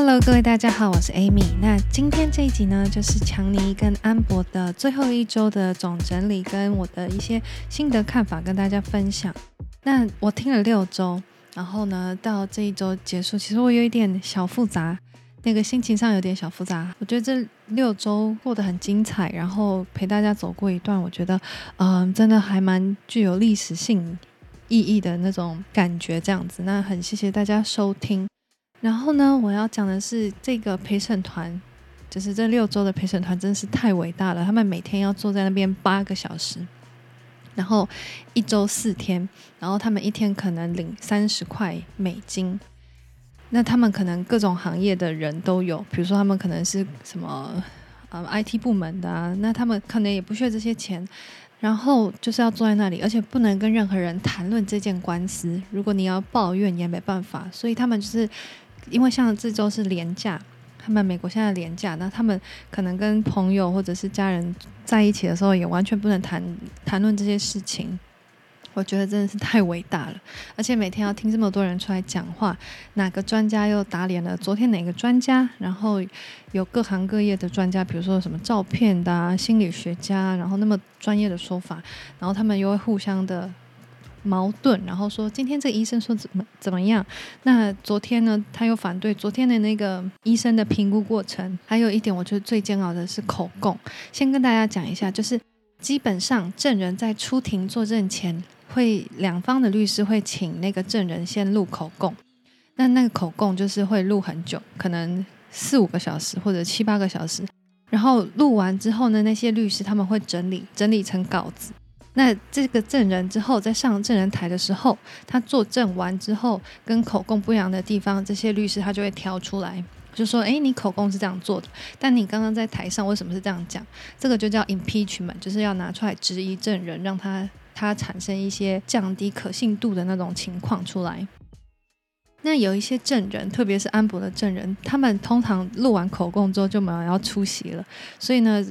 Hello，各位大家好，我是 Amy。那今天這一集呢，就是強尼跟安博的最後一周的總整理，跟我的一些心得看法跟大家分享。那我聽了六周，然後呢，到這一周結束，其實我有一點小複雜，那個心情上有點小複雜。我覺得這六周過得很精彩，然後陪大家走過一段，我覺得，嗯、呃，真的還蠻具有歷史性意義的那種感覺。這樣子，那很謝謝大家收聽。然後呢，我要講的是這個陪審團，就是這六周的陪審團真是太偉大了。他們每天要坐在那邊八個小時，然後一周四天，然後他們一天可能領三十塊美金。那他們可能各種行業的人都有，比如說他們可能是什麼呃 IT 部門的啊，那他們可能也不需要這些錢。然後就是要坐在那裡，而且不能跟任何人談論這件官司。如果你要抱怨也沒辦法，所以他們就是。因為像這周是連假，他們美國現在連假，那他們可能跟朋友或者是家人在一起的時候，也完全不能談談論這些事情。我覺得真的是太偉大了，而且每天要聽這麼多人出來講話，哪個專家又打臉了？昨天哪個專家？然後有各行各業的專家，比如說什麼照片的、啊、心理學家，然後那麼專業的說法，然後他們又會互相的矛盾，然後說今天這醫生說怎麼怎麼樣？那昨天呢，他又反對昨天的那個醫生的評估過程。還有一點，我覺得最煎熬的是口供。先跟大家講一下，就是基本上證人在出庭作證前會，會兩方的律師會請那個證人先錄口供。那那個口供就是會錄很久，可能四五個小時或者七八個小時。然後錄完之後呢，那些律師他們會整理整理成稿子。那這個證人之後在上證人台的時候，他作證完之後跟口供不一樣的地方，這些律師他就會挑出來，就說：“誒，你口供是這樣做的，但你剛剛在台上為什麼是這樣講？”這個就叫 impeachment，就是要拿出來質疑證人，讓他他產生一些降低可信度的那種情況出來。那有一些證人，特別是安柏的證人，他們通常錄完口供之後就沒有要出席了，所以呢。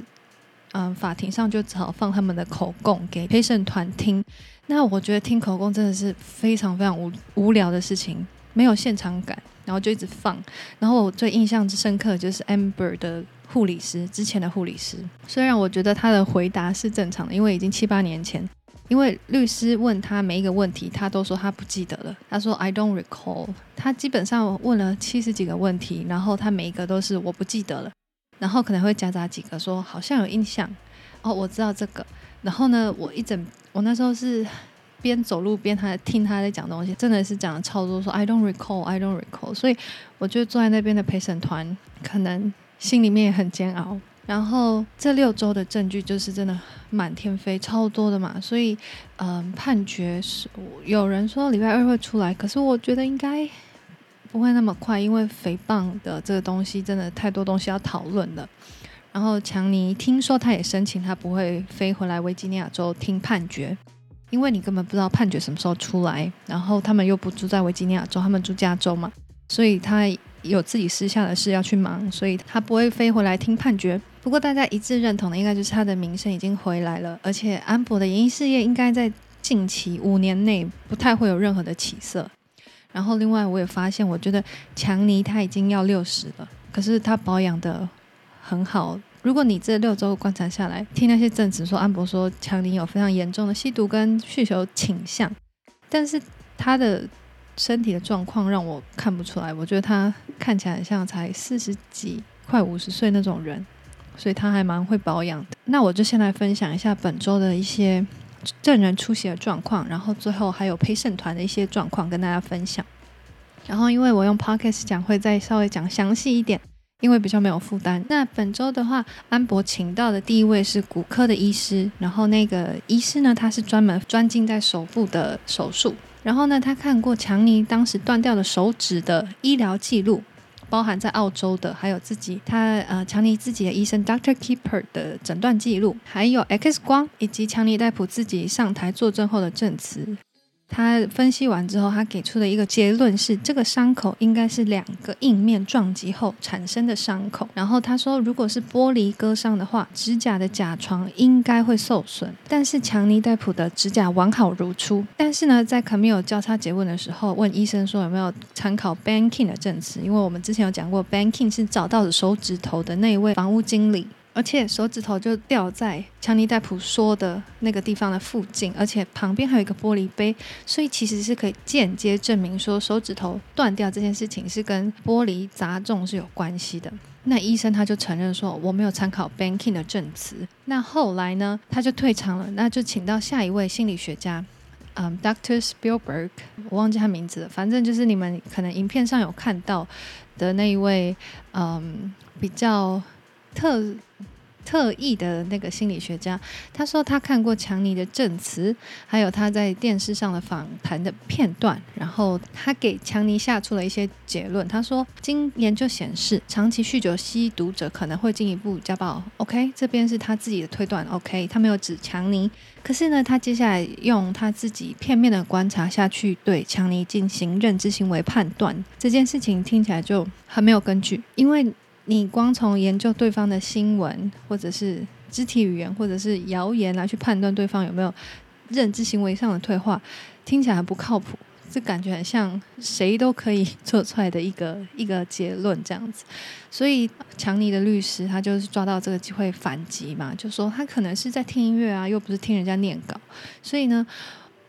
嗯，法庭上就只好放他們的口供給陪審團聽。那我覺得聽口供真的是非常非常無無聊的事情，沒有現場感，然後就一直放。然後我最印象之深刻的就是 Amber 的護理師，之前的護理師。雖然我覺得他的回答是正常的，因為已經七八年前，因為律師問他每一個問題，他都說他不記得了。他說 I don't recall。他基本上問了七十幾個問題，然後他每一個都是我不記得了。然後可能會夾雜幾個說好像有印象哦，我知道這個。然後呢，我一整我那時候是邊走路邊還聽他在講東西，真的是講得超多，說 I don't recall, I don't recall。所以我就坐在那邊的陪審團，可能心裡面也很煎熬。然後這六周的證據就是真的滿天飛，超多的嘛。所以嗯、呃，判決是有人說禮拜二會出來，可是我覺得應該，不會那麼快，因為誹謗的這個東西真的太多東西要討論了。然後強尼聽說他也申請，他不會飛回來維吉尼亞州聽判決，因為你根本不知道判決什麼時候出來。然後他們又不住在維吉尼亞州，他們住加州嘛，所以他有自己私下的事要去忙，所以他不會飛回來聽判決。不過大家一致認同的，應該就是他的名聲已經回來了，而且安柏的演藝事業應該在近期五年內不太會有任何的起色。然後，另外我也發現，我覺得強尼他已經要六十了，可是他保養得很好。如果你這六周觀察下來，聽那些證詞說，安柏說強尼有非常嚴重的吸毒跟酗酒傾向，但是他的身體的狀況讓我看不出來。我覺得他看起來像才四十幾、快五十歲那種人，所以他還蠻會保養的。那我就先來分享一下本周的一些證人出席的狀況，然後最後還有陪審團的一些狀況跟大家分享。然後因為我用 Podcast 講，會再稍微講詳細一點，因為比較沒有負擔。那本周的話，安柏請到的第一位是骨科的醫師，然後那個醫師呢，他是專門專精在手部的手術，然後呢，他看過強尼當時斷掉的手指的醫療記錄。包含在澳洲的，還有自己他呃，強尼自己的醫生 Doctor Keeper 的診斷記錄，還有 X 光，以及強尼戴普自己上台作證後的證詞。他分析完之後，他給出的一個結論是，這個傷口應該是兩個硬面撞擊後產生的傷口。然後他說，如果是玻璃割傷的話，指甲的甲床應該會受損，但是強尼戴普的指甲完好如初。但是呢，在 Camille 交叉詰問的時候，問醫生說有沒有參考 Banking 的證詞，因為我們之前有講過 Banking 是找到了手指頭的那位房屋經理。而且手指頭就掉在強尼戴普說的那個地方的附近，而且旁邊還有一個玻璃杯，所以其實是可以間接證明說手指頭斷掉這件事情是跟玻璃砸中是有關係的。那醫生他就承認說我沒有參考 Banking 的證詞。那後來呢，他就退場了，那就請到下一位心理學家，嗯、um,，Dr. Spielberg，我忘記他名字了，反正就是你們可能影片上有看到的那一位，嗯、um,，比較。特特意的那個心理學家，他說他看過強尼的證詞，還有他在電視上的訪談的片段，然後他給強尼下出了一些結論。他說，經研究顯示，長期酗酒吸毒者可能會進一步家暴。OK，這邊是他自己的推斷。OK，他沒有指強尼，可是呢，他接下來用他自己片面的觀察下去對強尼進行認知行為判斷，這件事情聽起來就很沒有根據，因為。你光從研究對方的新聞，或者是肢體語言，或者是謠言來去判斷對方有沒有認知行為上的退化，聽起來很不靠譜。這感覺很像誰都可以做出來的一個一個結論這樣子。所以，強尼的律師他就是抓到這個機會反擊嘛，就說他可能是在聽音樂啊，又不是聽人家念稿。所以呢，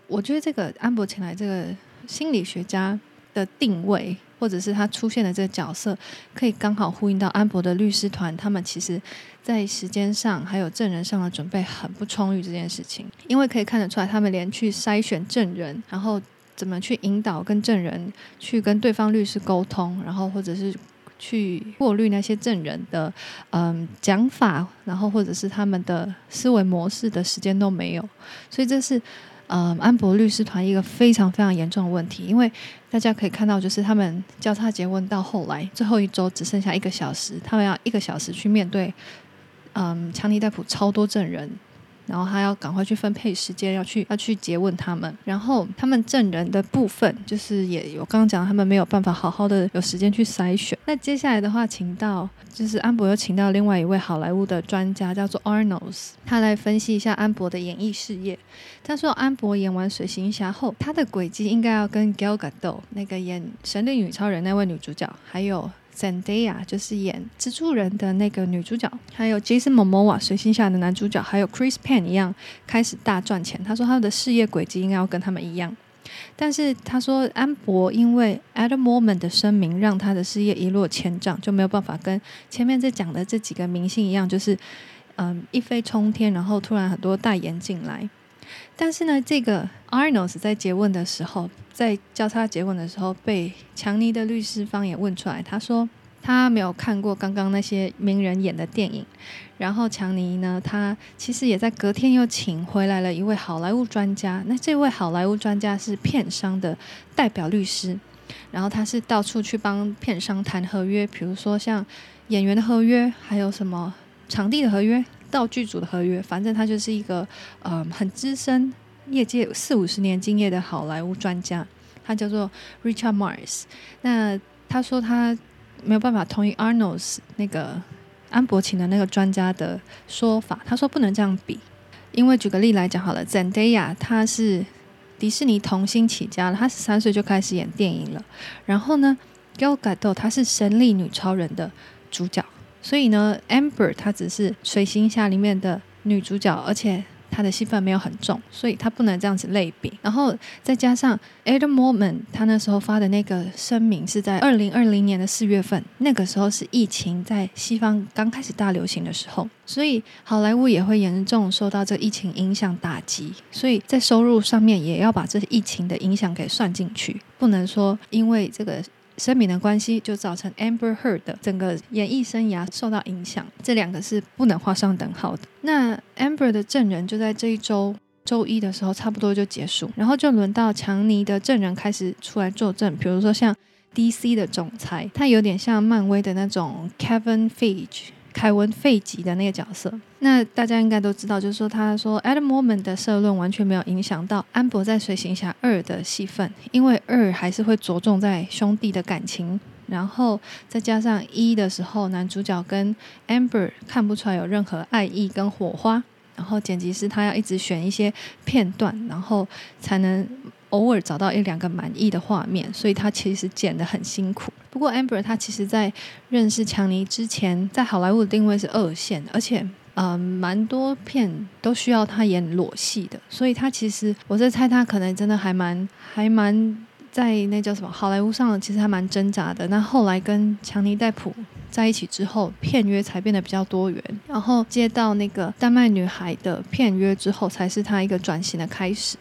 我覺得這個安柏請來這個心理學家的定位。或者是他出現的這個角色，可以剛好呼應到安柏的律師團，他們其實，在時間上還有證人上的準備很不充裕這件事情，因為可以看得出來，他們連去篩選證人，然後怎麼去引導跟證人去跟對方律師溝通，然後或者是去過濾那些證人的嗯、呃、講法，然後或者是他們的思維模式的時間都沒有，所以這是。嗯，安柏律師團一個非常非常嚴重的問題，因為大家可以看到，就是他們交叉詰問到後來，最後一周只剩下一個小時，他們要一個小時去面對嗯，強尼戴普超多證人。然後他要趕快去分配時間，要去要去詰問他們。然後他們證人的部分，就是也有剛剛講，他們沒有辦法好好的有時間去篩選。那接下來的話，請到就是安博又請到另外一位好萊塢的專家，叫做 Arnold，他來分析一下安博的演藝事業。他說安博演完《水行俠》後，他的軌跡應該要跟 Gal Gadot 那個演《神力女超人》那位女主角還有。Zendaya 就是演蜘蛛人的那個女主角，還有 Jason Momoa，水行俠的男主角，還有 Chris Pine 一樣開始大賺錢。他說他的事業軌跡應該要跟他們一樣，但是他說安柏因為 Adam Mormon 的聲明讓他的事業一落千丈，就沒有辦法跟前面在講的這幾個明星一樣，就是嗯，一飛沖天，然後突然很多代言進來。但是呢，這個 Arnold 在詰問的時候，在交叉詰問的時候，被強尼的律師方也問出來，他說他沒有看過剛剛那些名人演的電影。然後強尼呢，他其實也在隔天又請回來了一位好萊塢專家。那這位好萊塢專家是片商的代表律師，然後他是到處去幫片商談合約，比如說像演員的合約，還有什麼場地的合約。到劇組的合約，反正他就是一個呃、嗯、很資深業界四五十年經驗的好萊塢專家，他叫做 Richard Mars。那他說他沒有辦法同意 Arnolds 那個安柏請的那個專家的說法，他說不能這樣比，因為舉個例來講好了，Zendaya 她是迪士尼童星起家了，她十三歲就開始演電影了，然後呢 Gal Gadot 她是《神力女超人》的主角。所以呢，Amber 她只是《水星下》裡面的女主角，而且她的戲份沒有很重，所以她不能這樣子類比。然後再加上 Adam Mormon 他那時候發的那個聲明是在二零二零年的四月份，那個時候是疫情在西方剛開始大流行的時候，所以好萊塢也會嚴重受到這疫情影響打擊，所以在收入上面也要把這疫情的影響給算進去，不能說因為這個。聲明的關係就造成 Amber Heard 整個演藝生涯受到影響，這兩個是不能畫上等號的。那 Amber 的證人就在這一周周一的時候差不多就結束，然後就輪到強尼的證人開始出來作證，比如說像 DC 的總裁，他有點像漫威的那種 Kevin Feige。凱文·費吉的那個角色，那大家應該都知道，就是說他說《a t a m Man》的社論完全沒有影響到安柏在《水行俠二》的戲份，因為二還是會着重在兄弟的感情，然後再加上一的時候，男主角跟 Amber 看不出來有任何愛意跟火花，然後剪輯師他要一直選一些片段，然後才能。偶爾找到一兩個滿意的畫面，所以他其實剪得很辛苦。不過 Amber 他其實，在認識強尼之前，在好萊塢的定位是二線，而且呃，蠻多片都需要他演裸戲的。所以他其實，我在猜他可能真的還蠻還蠻在那叫什麼好萊塢上，其實還蠻掙扎的。那後來跟強尼戴普在一起之後，片約才變得比較多元。然後接到那個丹麥女孩的片約之後，才是他一個轉型的開始。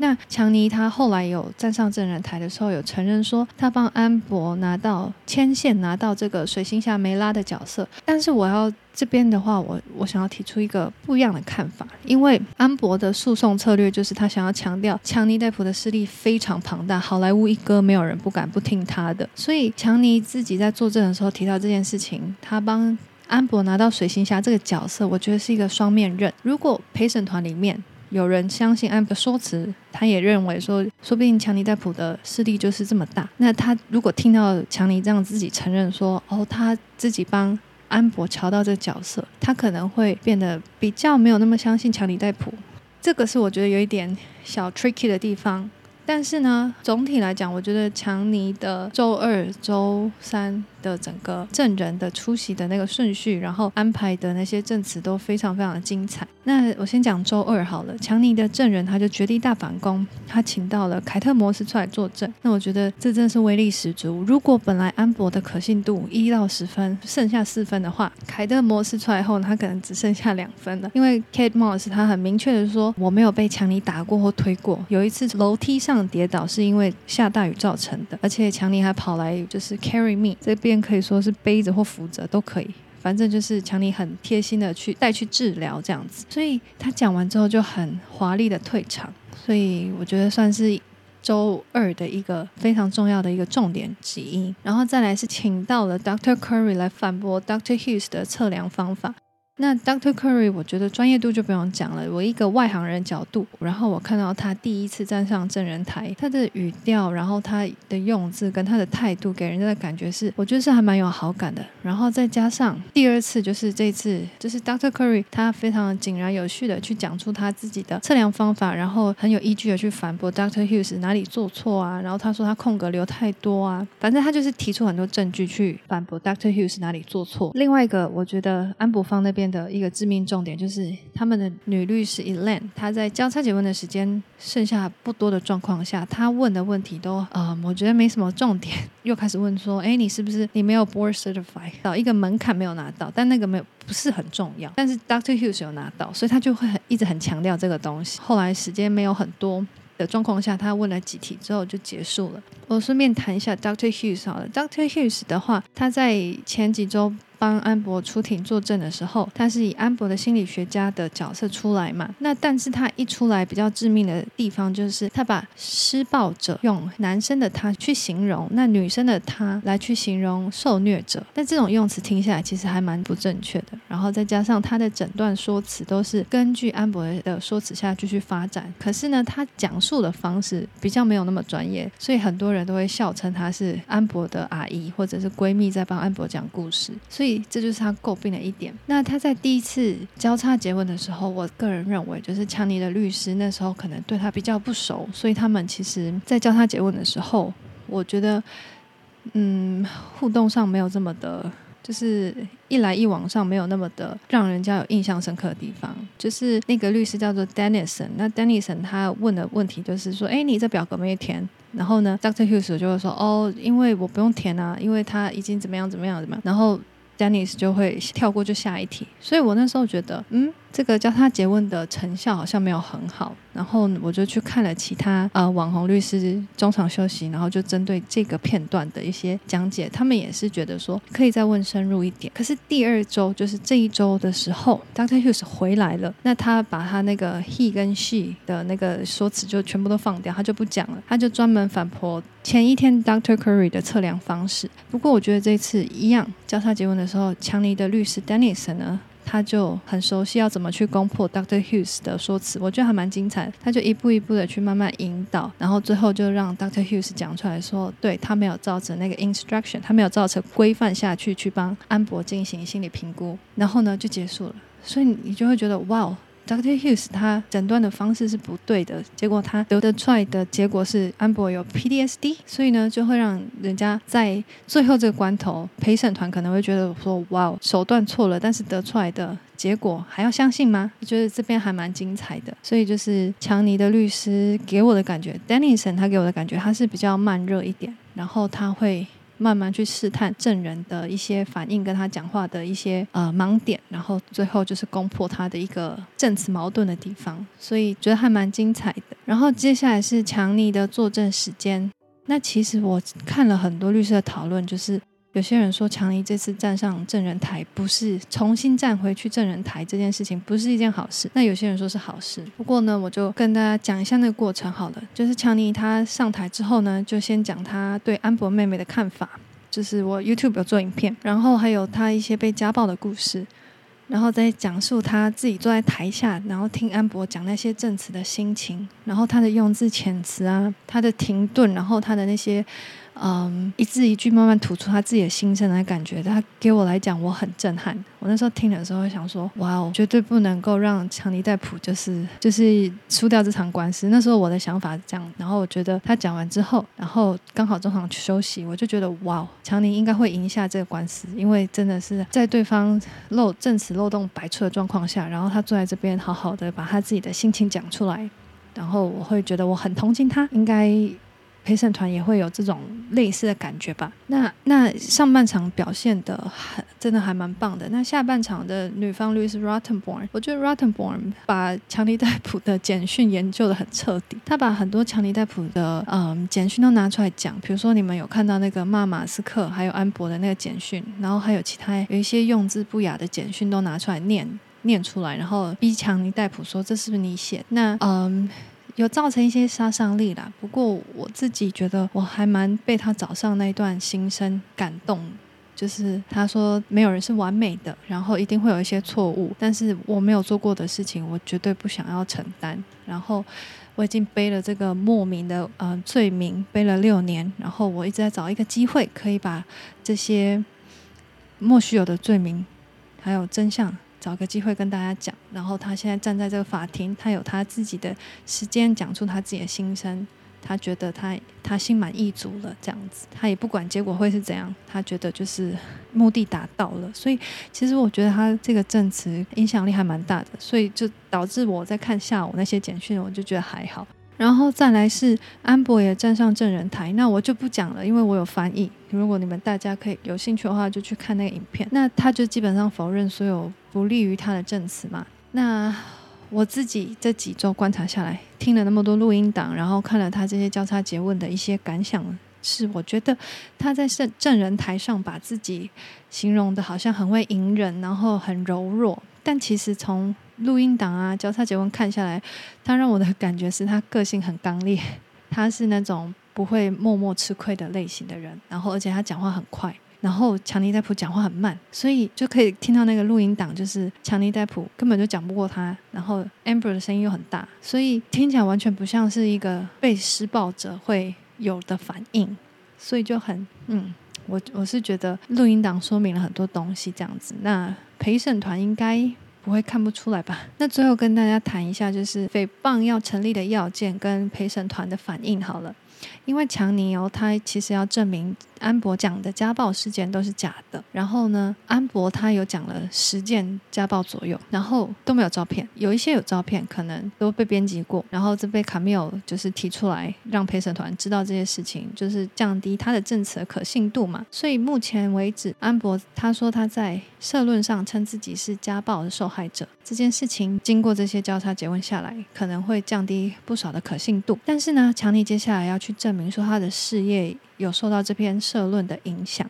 那強尼他後來有站上證人台的時候，有承認說他幫安柏拿到牽線，拿到這個水行俠梅拉的角色。但是我要這邊的話，我我想要提出一個不一樣的看法，因為安柏的訴訟策略就是他想要強調強尼戴普的勢力非常龐大，好萊塢一哥沒有人不敢不聽他的。所以強尼自己在作證的時候提到這件事情，他幫安柏拿到水行俠這個角色，我覺得是一個雙面刃。如果陪審團裡面，有人相信安博的說辭，他也認為說，說不定強尼戴普的勢力就是這麼大。那他如果聽到強尼這樣自己承認說，哦，他自己幫安博喬到這個角色，他可能會變得比較沒有那麼相信強尼戴普。這個是我覺得有一點小 tricky 的地方。但是呢，總體來講，我覺得強尼的周二、周三。的整個證人的出席的那個順序，然後安排的那些證詞都非常非常的精彩。那我先講週二好了，強尼的證人他就絕地大反攻，他請到了凱特·摩斯出來作證。那我覺得這真是威力十足。如果本來安柏的可信度一到十分，剩下四分的話，凱特·摩斯出來後呢，他可能只剩下兩分了。因為 Kate Moss 他很明確的說，我沒有被強尼打過或推過。有一次樓梯上跌倒是因為下大雨造成的，而且強尼還跑來就是 carry me 這邊。可以說是背着或扶着都可以，反正就是強尼很貼心的去帶去治療這樣子。所以他講完之後就很華麗的退場，所以我覺得算是週二的一個非常重要的一個重點之一。然後再來是請到了 Dr. Curry 來反駁 Dr. Hughes 的測量方法。那 Dr. Curry，我覺得專業度就不用講了。我一個外行人角度，然後我看到他第一次站上證人台，他的語調，然後他的用字跟他的態度，給人家的感覺是，我覺得是還蠻有好感的。然後再加上第二次，就是這次，就是 Dr. Curry，他非常井然有序的去講出他自己的測量方法，然後很有依據的去反駁 Dr. Hughes 哪裡做錯啊。然後他說他空格留太多啊，反正他就是提出很多證據去反駁 Dr. Hughes 哪裡做錯。另外一個，我覺得安柏方那邊，的一個致命重點就是，他們的女律師 Elaine 她在交叉詰問的時間剩下不多的狀況下，她問的問題都啊、嗯，我覺得沒什麼重點，又開始問說：“哎，你是不是你沒有 board certified，到一個門檻沒有拿到？但那個沒有不是很重要，但是 Dr. Hughes 有拿到，所以他就會很一直很強調這個東西。後來時間沒有很多的狀況下，他問了幾題之後就結束了。我順便談一下 Dr. Hughes 好了，Dr. Hughes 的話，他在前幾週。幫安柏出庭作證的時候，他是以安柏的心理學家的角色出來嘛，那但是他一出來，比較致命的地方就是他把施暴者用男生的他去形容，那女生的他來去形容受虐者。那這種用詞聽起來其實還蠻不正確的。然後再加上他的診斷說辭都是根據安柏的說辭下去去發展，可是呢，他講述的方式比較沒有那麼專業，所以很多人都會笑稱他是安柏的阿姨或者是閨蜜在幫安柏講故事。所以。這就是他詬病的一點。那他在第一次交叉詰問的時候，我個人認為，就是強尼的律師那時候可能對他比較不熟，所以他們其實在交叉詰問的時候，我覺得，嗯，互動上沒有這麼的，就是一來一往上沒有那麼的讓人家有印象深刻的地方。就是那個律師叫做 Dennison，那 Dennison 他問的問題就是說：“哎，你這表格沒填？”然後呢，Dr. Hughes 就會說：“哦，因為我不用填啊，因為他已經怎麼樣怎麼樣怎麼樣。”然後 Janice 就會跳過，就下一題。所以我那時候覺得，嗯，這個交叉詰問的成效好像沒有很好，然後我就去看了其他呃網紅律師中場休息，然後就針對這個片段的一些講解，他們也是覺得說可以再問深入一點。可是第二周就是這一周的時候，Dr. Hughes 回來了，那他把他那個 he 跟 she 的那個說辭就全部都放掉，他就不講了，他就專門反駁前一天 Dr. Curry 的測量方式。不過我覺得這一次一樣，交叉詰問的時候，強尼的律師 Dennison 呢？他就很熟悉要怎麼去攻破 Doctor Hughes 的說辭，我覺得還蠻精彩的。他就一步一步的去慢慢引導，然後最後就讓 Doctor Hughes 講出來說，說對他沒有照着那個 instruction，他沒有照着規範下去去幫安博進行心理評估，然後呢就結束了。所以你就會覺得，哇哦！Dr. Hughes 他診斷的方式是不對的，結果他得出來的結果是安柏有 PTSD，所以呢就會讓人家在最後這個關頭，陪審團可能會覺得說：“哇，手段錯了，但是得出來的結果還要相信嗎？”我覺得這邊還蠻精彩的，所以就是強尼的律師給我的感覺，Denison 他給我的感覺他是比較慢熱一點，然後他會。慢慢去試探證人的一些反應，跟他講話的一些呃盲點，然後最後就是攻破他的一個證詞矛盾的地方，所以覺得還蠻精彩的。然後接下來是強尼的作證時間。那其實我看了很多律師的討論，就是。有些人說，強尼這次站上證人台，不是重新站回去證人台這件事情，不是一件好事。那有些人說是好事。不過呢，我就跟大家講一下那個過程好了。就是強尼他上台之後呢，就先講他對安柏妹妹的看法，就是我 YouTube 有做影片，然後還有他一些被家暴的故事，然後再講述他自己坐在台下，然後聽安柏講那些證詞的心情，然後他的用字遣詞啊，他的停頓，然後他的那些。嗯，um, 一字一句慢慢吐出他自己的心聲來，感覺他給我來講，我很震撼。我那時候聽的時候想說：“哇哦，絕對不能夠讓強尼戴普就是就是輸掉這場官司。”那時候我的想法是這樣。然後我覺得他講完之後，然後剛好中場休息，我就覺得：“哇，強尼應該會贏下這個官司，因為真的是在對方漏證詞漏洞百出的狀況下，然後他坐在這邊好好的把他自己的心情講出來，然後我會覺得我很同情他，應該。”陪審團也會有這種類似的感覺吧？那那上半場表現得很，真的還蠻棒的。那下半場的女方律師 Rottenborn，我覺得 Rottenborn 把強尼戴普的簡訊研究得很徹底，他把很多強尼戴普的嗯簡訊都拿出來講，比如說你們有看到那個罵馬斯克還有安博的那個簡訊，然後還有其他有一些用字不雅的簡訊都拿出來念，念出來，然後逼強尼戴普說這是不是你寫的？那嗯。有造成一些殺傷力啦，不過我自己覺得我還蠻被他早上那一段心聲感動，就是他說沒有人是完美的，然後一定會有一些錯誤，但是我沒有做過的事情，我絕對不想要承擔。然後我已經背了這個莫名的呃罪名，背了六年，然後我一直在找一個機會可以把這些莫須有的罪名還有真相，找個機會跟大家講，然後他現在站在這個法庭，他有他自己的時間講出他自己的心聲，他覺得他他心滿意足了這樣子，他也不管結果會是怎樣，他覺得就是目的達到了，所以其實我覺得他這個證詞影響力還蠻大的，所以就導致我在看下午那些簡訊，我就覺得還好。然後再來是安柏也站上證人台，那我就不講了，因為我有翻譯。如果你們大家可以有興趣的話，就去看那個影片。那他就基本上否認所有不利於他的證詞嘛。那我自己這幾周觀察下來，聽了那麼多錄音檔，然後看了他這些交叉詰問的一些感想，是我覺得他在證證人台上把自己形容得好像很會隱忍，然後很柔弱，但其實從錄音檔啊，交叉詰問，看下來，他讓我的感覺是他個性很剛烈，他是那種不會默默吃虧的類型的人。然後，而且他講話很快，然後強尼戴普講話很慢，所以就可以聽到那個錄音檔，就是強尼戴普根本就講不過他。然後，Amber 的聲音又很大，所以聽起來完全不像是一個被施暴者會有的反應，所以就很嗯，我我是覺得錄音檔說明了很多東西，這樣子。那陪審團應該。不會看不出來吧？那最後跟大家談一下，就是誹謗要成立的要件跟陪審團的反應好了，因為強尼哦，他其實要證明。安柏講的家暴事件都是假的，然後呢，安柏他有講了十件家暴左右，然後都沒有照片，有一些有照片可能都被編輯過，然後這被卡米爾就是提出來讓陪審團知道這些事情，就是降低他的證詞的可信度嘛。所以目前為止，安柏他說他在社論上稱自己是家暴的受害者，這件事情經過這些交叉詰問下來，可能會降低不少的可信度。但是呢，強尼接下來要去證明說他的事業。有受到這篇社論的影響，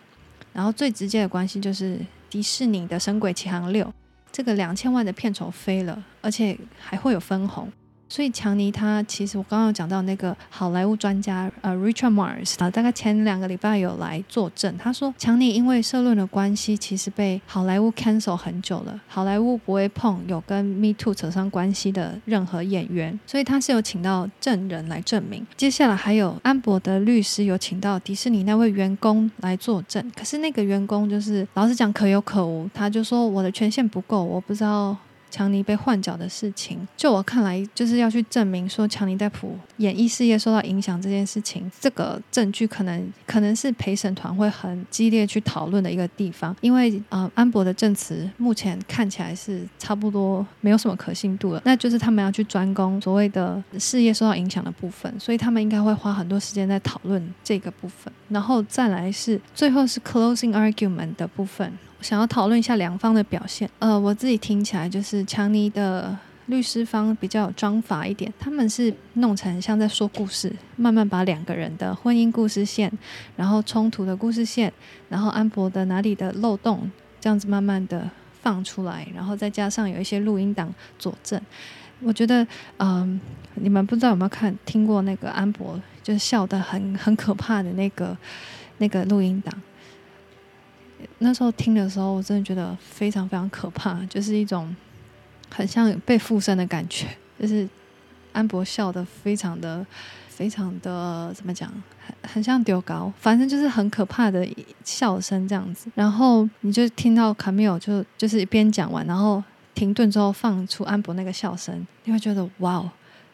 然後最直接的關係就是迪士尼的《神鬼奇航六》，這個兩千萬的片酬飛了，而且還會有分紅。所以，強尼他其實我剛剛有講到那個好萊塢專家呃，Richard Mars 啊，大概前兩個禮拜有來作證。他說，強尼因為社論的關係，其實被好萊塢 cancel 很久了。好萊塢不會碰有跟 Me Too 扯上關係的任何演員，所以他是有請到證人來證明。接下來還有安柏的律師有請到迪士尼那位員工來作證，可是那個員工就是老是講可有可無，他就說我的權限不夠，我不知道。強尼被換角的事情，就我看來，就是要去證明說強尼戴普演藝事業受到影響這件事情，這個證據可能可能是陪審團會很激烈去討論的一個地方，因為呃安博的證詞目前看起來是差不多沒有什麼可信度了，那就是他們要去專攻所謂的事業受到影響的部分，所以他們應該會花很多時間在討論這個部分，然後再來是最後是 closing argument 的部分。想要討論一下兩方的表現，呃，我自己聽起來就是強尼的律師方比較有章法一點，他們是弄成像在說故事，慢慢把兩個人的婚姻故事線，然後衝突的故事線，然後安柏的哪裡的漏洞，這樣子慢慢的放出來，然後再加上有一些錄音檔佐證，我覺得，嗯、呃，你們不知道有沒有看，聽過那個安柏就是笑得很很可怕的那個那個錄音檔。那時候聽的時候，我真的覺得非常非常可怕，就是一種很像被附身的感覺。就是安柏笑得非常的非常的怎麼講，很很像丟高，反正就是很可怕的笑聲這樣子。然後你就聽到卡米爾就就是一邊講完，然後停頓之後放出安柏那個笑聲，你會覺得哇哦，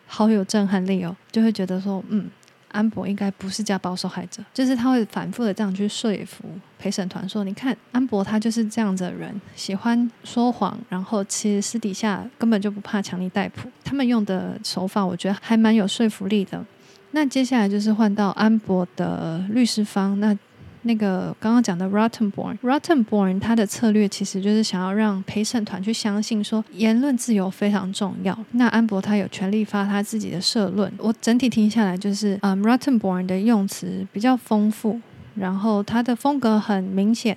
好有震撼力哦，就會覺得說嗯。安柏應該不是家暴受害者，就是他會反覆的這樣去說服陪審團說，說你看安柏他就是這樣子的人，喜歡說謊，然後其實私底下根本就不怕強尼戴普。他們用的手法，我覺得還蠻有說服力的。那接下來就是換到安柏的律師方，那。那個剛剛講的 Rottenborn，Rottenborn 他的策略其實就是想要讓陪審團去相信說，言論自由非常重要。那安柏他有權利發他自己的社論。我整體聽下來就是，嗯、um，Rottenborn 的用詞比較豐富，然後他的風格很明顯。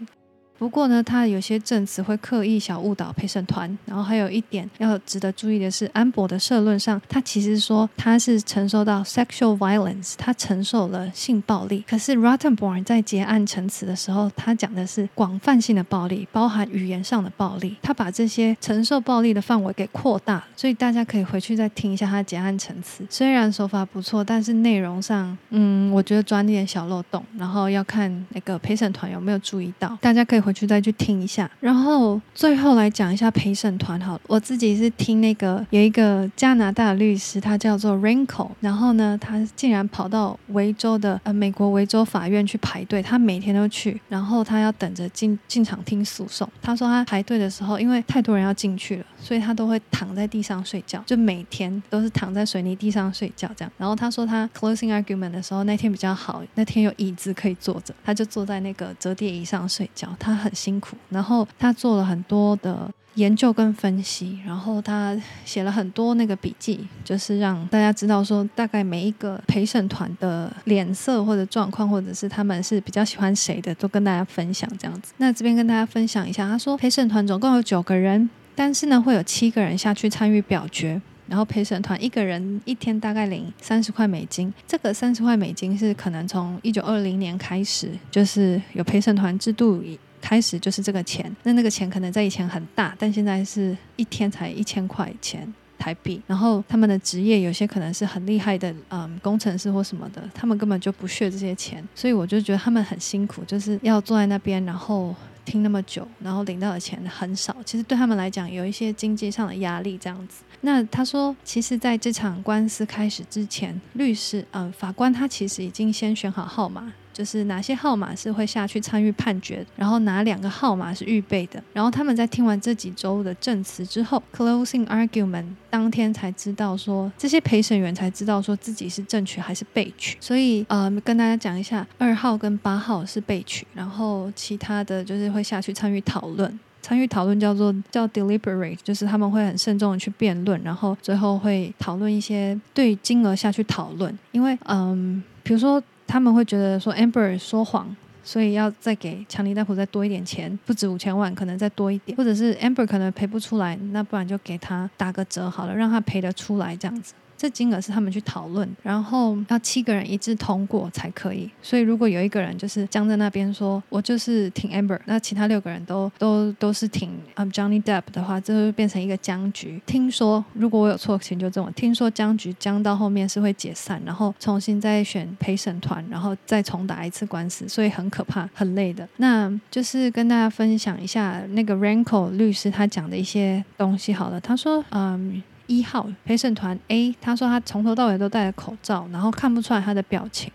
不過呢，他有些證詞會刻意小誤導陪審團。然後還有一點要值得注意的是，安博的社論上，他其實說他是承受到 sexual violence，他承受了性暴力。可是 Rottenborn 在結案陳詞的時候，他講的是廣泛性的暴力，包含語言上的暴力。他把這些承受暴力的範圍給擴大了，所以大家可以回去再聽一下他結案陳詞。雖然手法不錯，但是內容上，嗯，我覺得抓一點小漏洞，然後要看那個陪審團有沒有注意到。大家可以回。我就再去聽一下，然後最後來講一下陪審團好了。我自己是聽那個有一個加拿大律師，他叫做 Rinko，然後呢，他竟然跑到維州的呃美國維州法院去排隊，他每天都去，然後他要等着進進場聽訴訟。他說他排隊的時候，因為太多人要進去了。所以他都會躺在地上睡覺，就每天都是躺在水泥地上睡覺這樣。然後他說他 closing argument 的時候，那天比較好，那天有椅子可以坐着，他就坐在那個折疊椅上睡覺。他很辛苦，然後他做了很多的研究跟分析，然後他寫了很多那個筆記，就是讓大家知道說大概每一個陪審團的臉色或者狀況，或者是他們是比較喜歡誰的，都跟大家分享這樣子。那這邊跟大家分享一下，他說陪審團總共有九個人。但是呢，會有七個人下去參與表決，然後陪審團一個人一天大概領三十塊美金。這個三十塊美金是可能從一九二零年開始，就是有陪審團制度開始就是這個錢。那那個錢可能在以前很大，但現在是一天才一千塊錢台幣。然後他們的職業有些可能是很厲害的，嗯、呃，工程師或什麼的，他們根本就不屑這些錢，所以我就覺得他們很辛苦，就是要坐在那邊，然後。拼那麼久，然後領到的錢很少，其實對他們來講有一些經濟上的壓力。這樣子，那他說，其實在這場官司開始之前，律師嗯、呃、法官他其實已經先選好號碼。就是哪些號碼是會下去參與判決，然後哪兩個號碼是預備的，然後他們在聽完這幾周的證詞之後，closing argument 當天才知道說這些陪審員才知道說自己是正取還是備取。所以，嗯，跟大家講一下，二號跟八號是備取，然後其他的就是會下去參與討論，參與討論叫做叫 deliberate，就是他們會很慎重的去辯論，然後最後會討論一些對金額下去討論。因為，嗯，比如說。他們會覺得說 Amber 說謊，所以要再給強尼戴普再多一點錢，不止五千萬，可能再多一點，或者是 Amber 可能賠不出來，那不然就給他打個折好了，讓他賠得出來這樣子。這金額是他們去討論，然後要七個人一致通過才可以。所以如果有一個人就是僵在那邊說“我就是挺 Amber”，那其他六個人都都都是挺啊 Johnny Depp 的話，就會變成一個僵局。聽說，如果我有錯，請糾正我。聽說僵局僵到後面是會解散，然後重新再選陪審團，然後再重打一次官司，所以很可怕，很累的。那就是跟大家分享一下那個 Ranko 律師他講的一些東西好了。他說嗯。一號陪審團 A，他說他從頭到尾都戴着口罩，然後看不出來他的表情。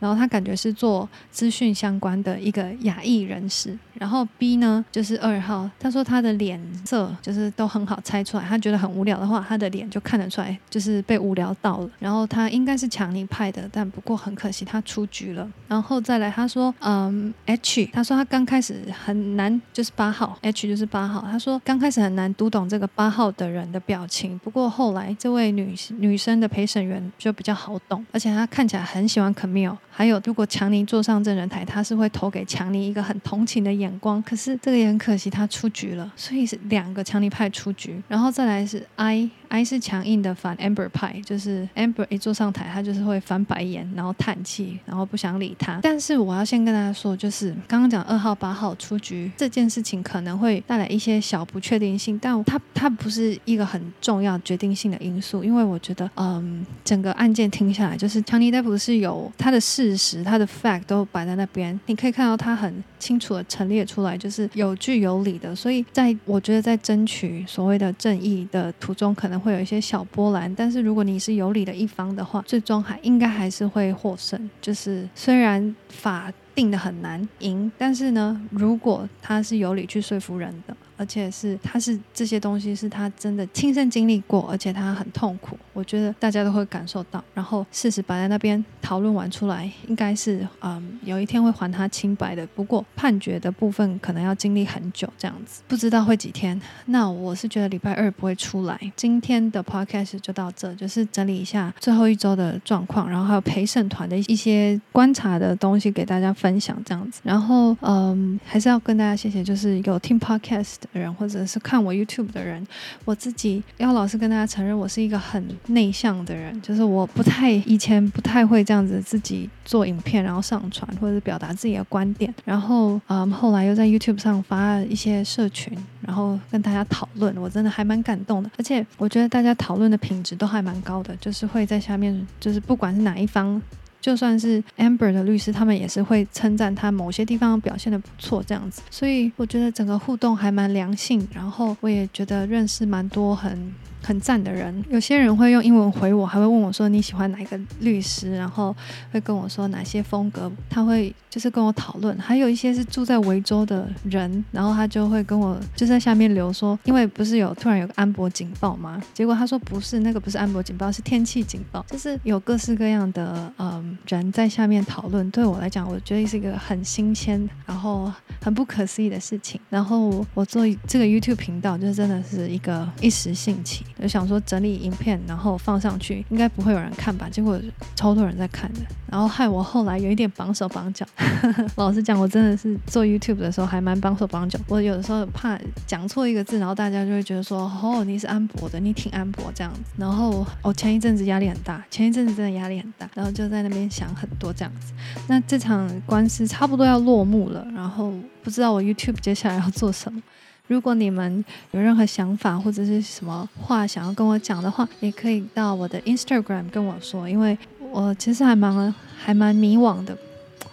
然後他感覺是做資訊相關的一個亞裔人士。然後 B 呢，就是二號，他說他的臉色就是都很好猜出來。他覺得很無聊的話，他的臉就看得出來，就是被無聊到了。然後他應該是強硬派的，但不過很可惜他出局了。然後再來，他說，嗯，H，他說他剛開始很難，就是八號，H 就是八號，他說剛開始很難讀懂這個八號的人的表情，不過後來這位女女生的陪審員就比較好懂，而且她看起來很喜歡 Camille 還有，如果強尼坐上證人檯，他是會投給強尼一個很同情的眼光。可是這個也很可惜，他出局了。所以是兩個強尼派出局，然後再來是 I。I 是強硬的反 Amber 派，就是 Amber 一坐上台，他就是會翻白眼，然後嘆氣，然後不想理他。但是我要先跟大家說，就是剛剛講二號八號出局這件事情，可能會帶來一些小不確定性，但它它不是一個很重要決定性的因素，因為我覺得，嗯，整個案件聽下來，就是強尼戴普是有他的事實，他的 fact 都擺在那邊，你可以看到他很。清楚的陳列出來，就是有據有理的。所以在，在我覺得，在爭取所謂的正義的途中，可能會有一些小波瀾。但是，如果你是有理的一方的話，最終還應該還是會獲勝。就是雖然法定的很難贏，但是呢，如果他是有理去說服人的。而且是，他是這些東西是他真的親身經歷過，而且他很痛苦。我覺得大家都會感受到。然後事實擺在那邊，討論完出來，應該是嗯，有一天會還他清白的。不過判決的部分可能要經歷很久，這樣子不知道會幾天。那我是覺得禮拜二不會出來。今天的 podcast 就到這，就是整理一下最後一周的狀況，然後還有陪審團的一些觀察的東西給大家分享，這樣子。然後嗯，還是要跟大家謝謝，就是有聽 podcast。人，或者是看我 YouTube 的人，我自己要老實跟大家承認，我是一個很內向的人，就是我不太以前不太會這樣子自己做影片，然後上傳或者表達自己的觀點。然後，嗯，後來又在 YouTube 上發一些社群，然後跟大家討論，我真的還蠻感動的。而且，我覺得大家討論的品質都還蠻高的，就是會在下面，就是不管是哪一方。就算是 Amber 的律師，他們也是會稱讚他某些地方表現得不錯，這樣子。所以我覺得整個互動還蠻良性，然後我也覺得認識蠻多，很。很贊的人，有些人會用英文回我，還會問我說你喜歡哪一個律師，然後會跟我說哪些風格，他會就是跟我討論。還有一些是住在維州的人，然後他就會跟我就是、在下面留說，因為不是有突然有個安博警報嗎？結果他說不是，那個不是安博警報，是天氣警報，就是有各式各樣的嗯、呃、人在下面討論。對我來講，我覺得是一個很新鮮，然後很不可思議的事情。然後我做這個 YouTube 頻道，就是真的是一個一時興起。就想說整理影片，然後放上去，應該不會有人看吧？結果超多人在看的，然後害我後來有一點綁手綁腳。 老實講，我真的是做 YouTube 的時候還蠻綁手綁腳。我有的時候怕講錯一個字，然後大家就會覺得說：“哦，你是安柏的，你挺安柏這樣子。”然後我、哦、前一陣子壓力很大，前一陣子真的壓力很大，然後就在那邊想很多這樣子。那這場官司差不多要落幕了，然後不知道我 YouTube 接下來要做什麼。如果你們有任何想法或者是什麼話想要跟我講的話，也可以到我的 Instagram 跟我說，因為我其實還蠻還蠻迷惘的，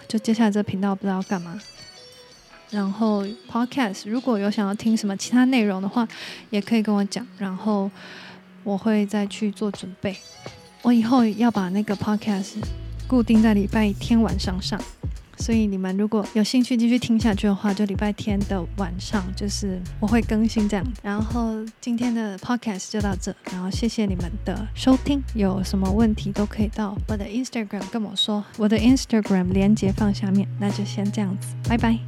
就接下來這個頻道不知道要幹嘛。然後 podcast 如果有想要聽什麼其他內容的話，也可以跟我講，然後我會再去做準備。我以後要把那個 podcast 固定在禮拜一天晚上上。所以你們如果有興趣繼續聽下去的話，就禮拜天的晚上，就是我會更新這樣。嗯、然後今天的 podcast 就到這，然後謝謝你們的收聽。有什麼問題都可以到我的 Instagram 跟我說，我的 Instagram 連結放下面。那就先這樣子，拜拜。